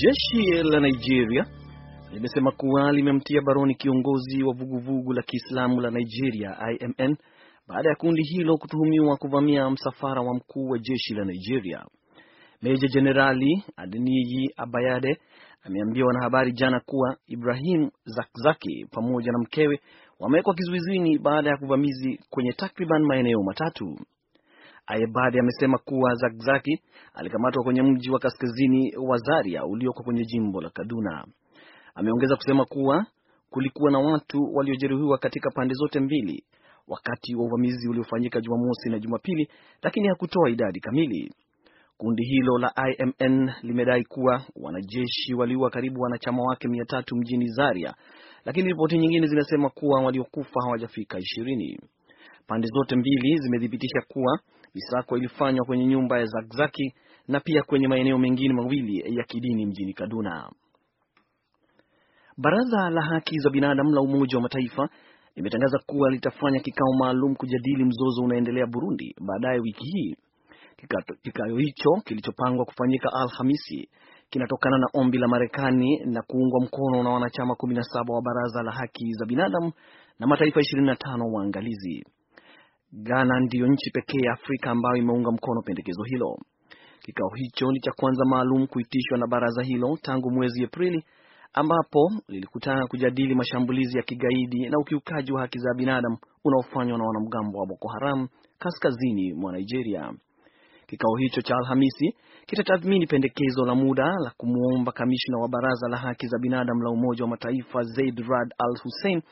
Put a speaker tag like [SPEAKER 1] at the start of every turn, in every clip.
[SPEAKER 1] Jeshi la Nigeria limesema kuwa limemtia baroni kiongozi wa vuguvugu la Kiislamu la Nigeria IMN baada ya kundi hilo kutuhumiwa kuvamia msafara wa mkuu wa jeshi la Nigeria. Meja Jenerali Adeniyi Abayade ameambia wanahabari jana kuwa Ibrahim Zakzaki pamoja na mkewe wamewekwa kizuizini baada ya kuvamizi kwenye takriban maeneo matatu. Aebade amesema kuwa Zakzaki alikamatwa kwenye mji wa kaskazini wa Zaria ulioko kwenye jimbo la Kaduna. Ameongeza kusema kuwa kulikuwa na watu waliojeruhiwa katika pande zote mbili wakati wa uvamizi uliofanyika Jumamosi na Jumapili, lakini hakutoa idadi kamili. Kundi hilo la IMN limedai kuwa wanajeshi waliua karibu wanachama wake mia tatu mjini Zaria, lakini ripoti nyingine zinasema kuwa waliokufa hawajafika ishirini. Pande zote mbili zimethibitisha kuwa Misako ilifanywa kwenye nyumba ya Zakzaki na pia kwenye maeneo mengine mawili ya kidini mjini Kaduna. Baraza la haki za binadamu la Umoja wa Mataifa limetangaza kuwa litafanya kikao maalum kujadili mzozo unaendelea Burundi baadaye wiki hii. Kikao hicho kilichopangwa kufanyika Alhamisi kinatokana na ombi la Marekani na kuungwa mkono na wanachama 17 wa Baraza la Haki za Binadamu na mataifa 25 waangalizi. Ghana ndiyo nchi pekee ya Afrika ambayo imeunga mkono pendekezo hilo. Kikao hicho ni cha kwanza maalum kuitishwa na baraza hilo tangu mwezi Aprili ambapo lilikutana kujadili mashambulizi ya kigaidi na ukiukaji wa haki za binadamu unaofanywa na wanamgambo wa Boko Haram kaskazini mwa Nigeria. Kikao hicho cha Alhamisi kitatathmini pendekezo la muda la kumwomba kamishna wa baraza la haki za binadamu la Umoja wa Mataifa Zaid Rad Al Hussein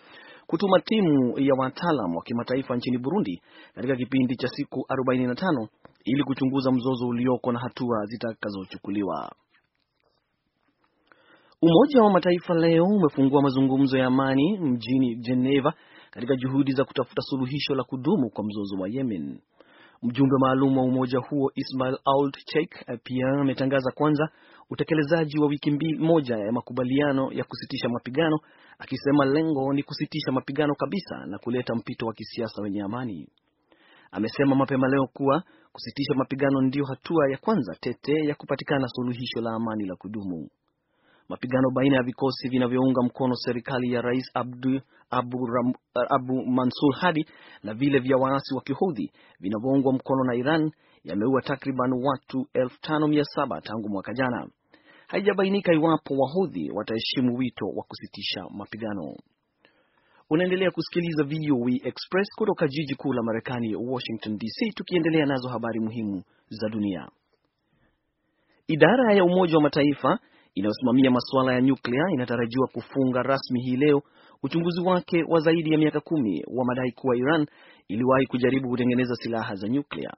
[SPEAKER 1] kutuma timu ya wataalam wa kimataifa nchini Burundi katika kipindi cha siku 45 ili kuchunguza mzozo ulioko na hatua zitakazochukuliwa. Umoja wa Mataifa leo umefungua mazungumzo ya amani mjini Geneva katika juhudi za kutafuta suluhisho la kudumu kwa mzozo wa Yemen. Mjumbe maalum wa umoja huo Ismail Ould Cheikh pia ametangaza kwanza utekelezaji wa wiki mbili moja ya makubaliano ya kusitisha mapigano, akisema lengo ni kusitisha mapigano kabisa na kuleta mpito wa kisiasa wenye amani. Amesema mapema leo kuwa kusitisha mapigano ndiyo hatua ya kwanza tete ya kupatikana suluhisho la amani la kudumu. Mapigano baina ya vikosi vinavyounga mkono serikali ya Rais Abdu, Abu, Ram, Abu Mansur Hadi na vile vya waasi wa Kihudhi vinavyoungwa mkono na Iran yameua takriban watu 5700 tangu mwaka jana. Haijabainika iwapo Wahudhi wataheshimu wito wa kusitisha mapigano. Unaendelea kusikiliza VOA Express kutoka jiji kuu la Marekani, Washington DC, tukiendelea nazo habari muhimu za dunia. Idara ya Umoja wa Mataifa inayosimamia masuala ya nyuklia inatarajiwa kufunga rasmi hii leo uchunguzi wake wa zaidi ya miaka kumi wa madai kuwa Iran iliwahi kujaribu kutengeneza silaha za nyuklia.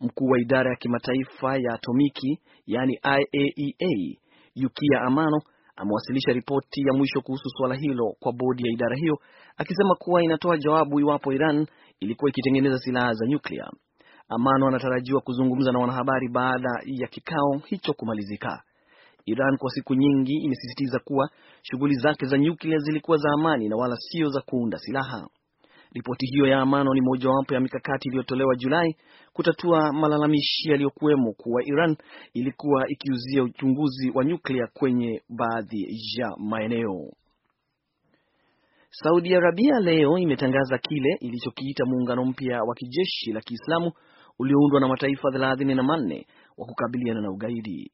[SPEAKER 1] Mkuu wa idara ya kimataifa ya atomiki yani IAEA Yukia Amano amewasilisha ripoti ya mwisho kuhusu suala hilo kwa bodi ya idara hiyo, akisema kuwa inatoa jawabu iwapo Iran ilikuwa ikitengeneza silaha za nyuklia. Amano anatarajiwa kuzungumza na wanahabari baada ya kikao hicho kumalizika. Iran kwa siku nyingi imesisitiza kuwa shughuli zake za nyuklia zilikuwa za amani na wala sio za kuunda silaha. Ripoti hiyo ya amano ni mojawapo ya mikakati iliyotolewa Julai kutatua malalamishi yaliyokuwemo kuwa Iran ilikuwa ikiuzia uchunguzi wa nyuklia kwenye baadhi ya maeneo. Saudi Arabia leo imetangaza kile ilichokiita muungano mpya wa kijeshi la Kiislamu ulioundwa na mataifa thelathini na manne wa kukabiliana na ugaidi.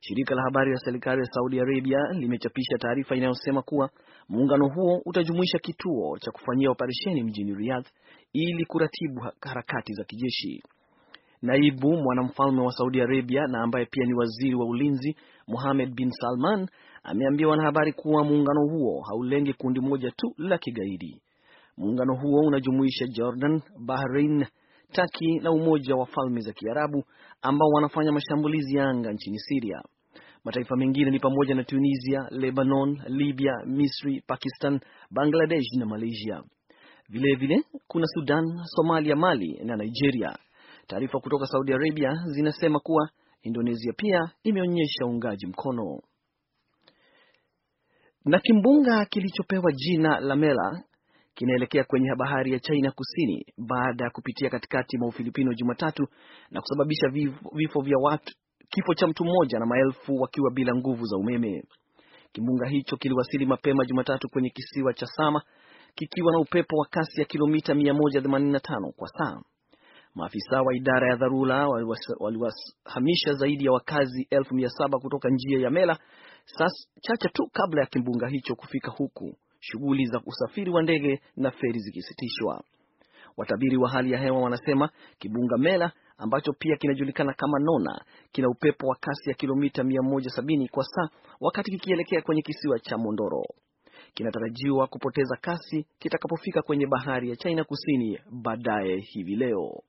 [SPEAKER 1] Shirika la habari la serikali ya Saudi Arabia limechapisha taarifa inayosema kuwa muungano huo utajumuisha kituo cha kufanyia operesheni mjini Riyadh ili kuratibu harakati za kijeshi. Naibu mwanamfalme wa Saudi Arabia na ambaye pia ni waziri wa ulinzi Mohammed bin Salman ameambia wanahabari kuwa muungano huo haulengi kundi moja tu la kigaidi. Muungano huo unajumuisha Jordan, Bahrain, taki na Umoja wa Falme za Kiarabu ambao wanafanya mashambulizi ya anga nchini Siria. Mataifa mengine ni pamoja na Tunisia, Lebanon, Libya, Misri, Pakistan, Bangladesh na Malaysia. Vilevile vile, kuna Sudan, Somalia, Mali na Nigeria. Taarifa kutoka Saudi Arabia zinasema kuwa Indonesia pia imeonyesha uungaji mkono. Na kimbunga kilichopewa jina Lamela kinaelekea kwenye bahari ya China kusini baada ya kupitia katikati mwa Ufilipino Jumatatu na kusababisha vifo vya watu, kifo cha mtu mmoja na maelfu wakiwa bila nguvu za umeme. Kimbunga hicho kiliwasili mapema Jumatatu kwenye kisiwa cha Sama kikiwa na upepo wa kasi ya kilomita 185 kwa saa. Maafisa wa idara ya dharura waliwahamisha zaidi ya wakazi 1700 kutoka njia ya Mela saa chache tu kabla ya kimbunga hicho kufika huku shughuli za usafiri wa ndege na feri zikisitishwa. Watabiri wa hali ya hewa wanasema kibunga Mela ambacho pia kinajulikana kama Nona kina upepo wa kasi ya kilomita 170 kwa saa wakati kikielekea kwenye kisiwa cha Mondoro. Kinatarajiwa kupoteza kasi kitakapofika kwenye bahari ya China kusini baadaye hivi leo.